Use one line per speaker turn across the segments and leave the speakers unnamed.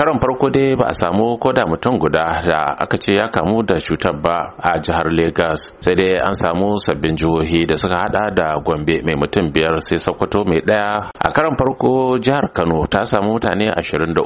karon farko dai ba a samu koda mutum guda da aka ce ya kamu da cutar ba a jihar Legas sai dai an samu sabbin jihohi da suka hada da Gombe mai mutum biyar sai Sokoto mai daya a karon farko jihar Kano ta samu mutane 23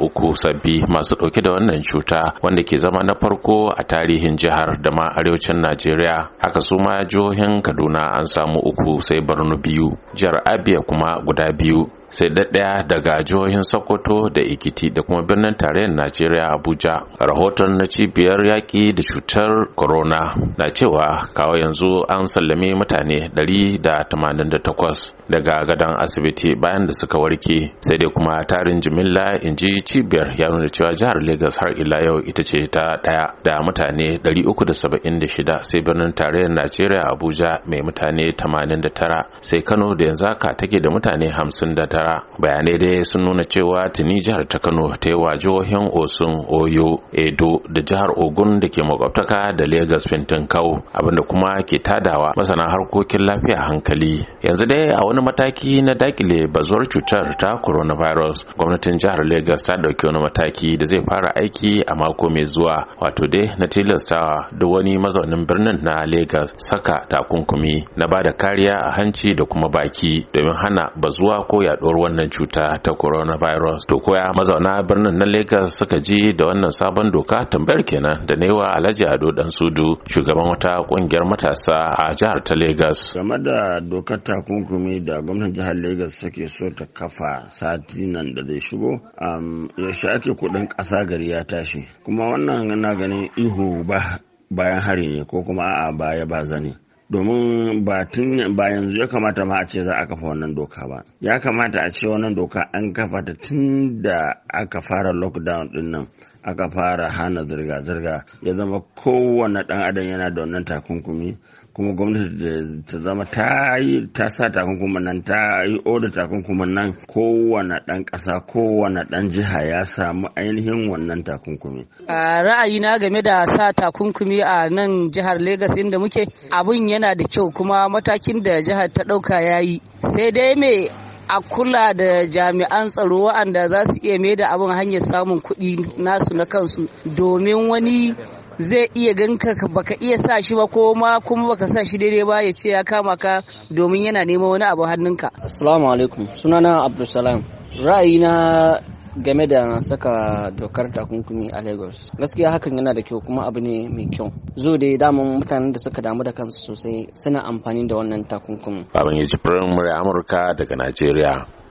sabbi masu dauke da wannan cuta wanda ke zama na farko a tarihin jihar da ma arewacin Najeriya haka su ma jihohin Kaduna an samu uku sai Borno biyu jihar Abia kuma guda biyu sai ɗaya daga jihohin sokoto da ikiti da kuma birnin tarayyar najeriya abuja rahoton na cibiyar yaƙi da cutar corona na cewa kawo yanzu an sallame mutane 188 daga gadon asibiti bayan da suka warke sai dai kuma tarin jimilla inji cibiyar ya nuna cewa jihar lagos har ila yau ita ce ta ɗaya da mutane 376 sai birnin tarayyar najeriya abuja mai mutane 89 sai kano da yanzu haka take da mutane 59 nasara bayanai dai sun nuna cewa tuni jihar ta kano ta yi wa jihohin osun oyo edo da jihar ogun da ke makwabtaka da lagos abin abinda kuma ke tadawa masana harkokin lafiya hankali yanzu dai a wani mataki na dakile bazuwar cutar ta coronavirus gwamnatin jihar lagos ta ɗauki wani mataki da zai fara aiki a mako mai zuwa wato dai na tilastawa da wani mazaunin birnin na lagos saka takunkumi na bada kariya a hanci da kuma baki domin hana bazuwa ko yaduwa yaduwar wannan cuta ta coronavirus to koya mazauna birnin na Lagos suka ji da wannan sabon doka tambayar kenan da naiwa Alhaji Ado Dan Sudu shugaban wata kungiyar matasa a jihar ta Lagos
game da dokar takunkumi da gwamnatin jihar Lagos suke so ta kafa sati nan da zai shigo ya shafe kudin ƙasa gari ya tashi kuma wannan na ganin ihu ba bayan hari ne ko kuma a'a baya ba zane domin ba tun ba yanzu ya kamata ma a ce za a kafa wannan doka ba ya kamata a ce wannan doka an kafa ta tun da aka fara lockdown din nan aka fara hana zirga-zirga ya zama kowane dan adam yana da wannan takunkumi kuma gwamnati ta zama ta yi ta sa takunkumin nan ta yi oda takunkumin nan kowane dan kasa kowane dan jiha ya samu ainihin wannan takunkumi
a ra'ayina game da sa takunkumi a nan jihar Legas inda muke abun yana da kyau kuma matakin da jihar ta ɗauka ya yi sai dai me a kula da jami'an tsaro waɗanda za su iya mai da abin hanyar samun kuɗi nasu na kansu domin wani zai iya ganka baka iya sa shi ba ko ma kuma baka sa shi daidai ba ya ce ya kama ka domin yana neman wani abu hannunka. Assalamu alaikum sunana Abdulsalam ra'ayina game da saka dokar takunkumi a lagos gaskiya hakan yana da kyau kuma abu ne mai kyau zo da damun mutanen da suka damu da kansu sosai suna amfani da wannan takunkumi
babangiji firin murya amurka daga najeriya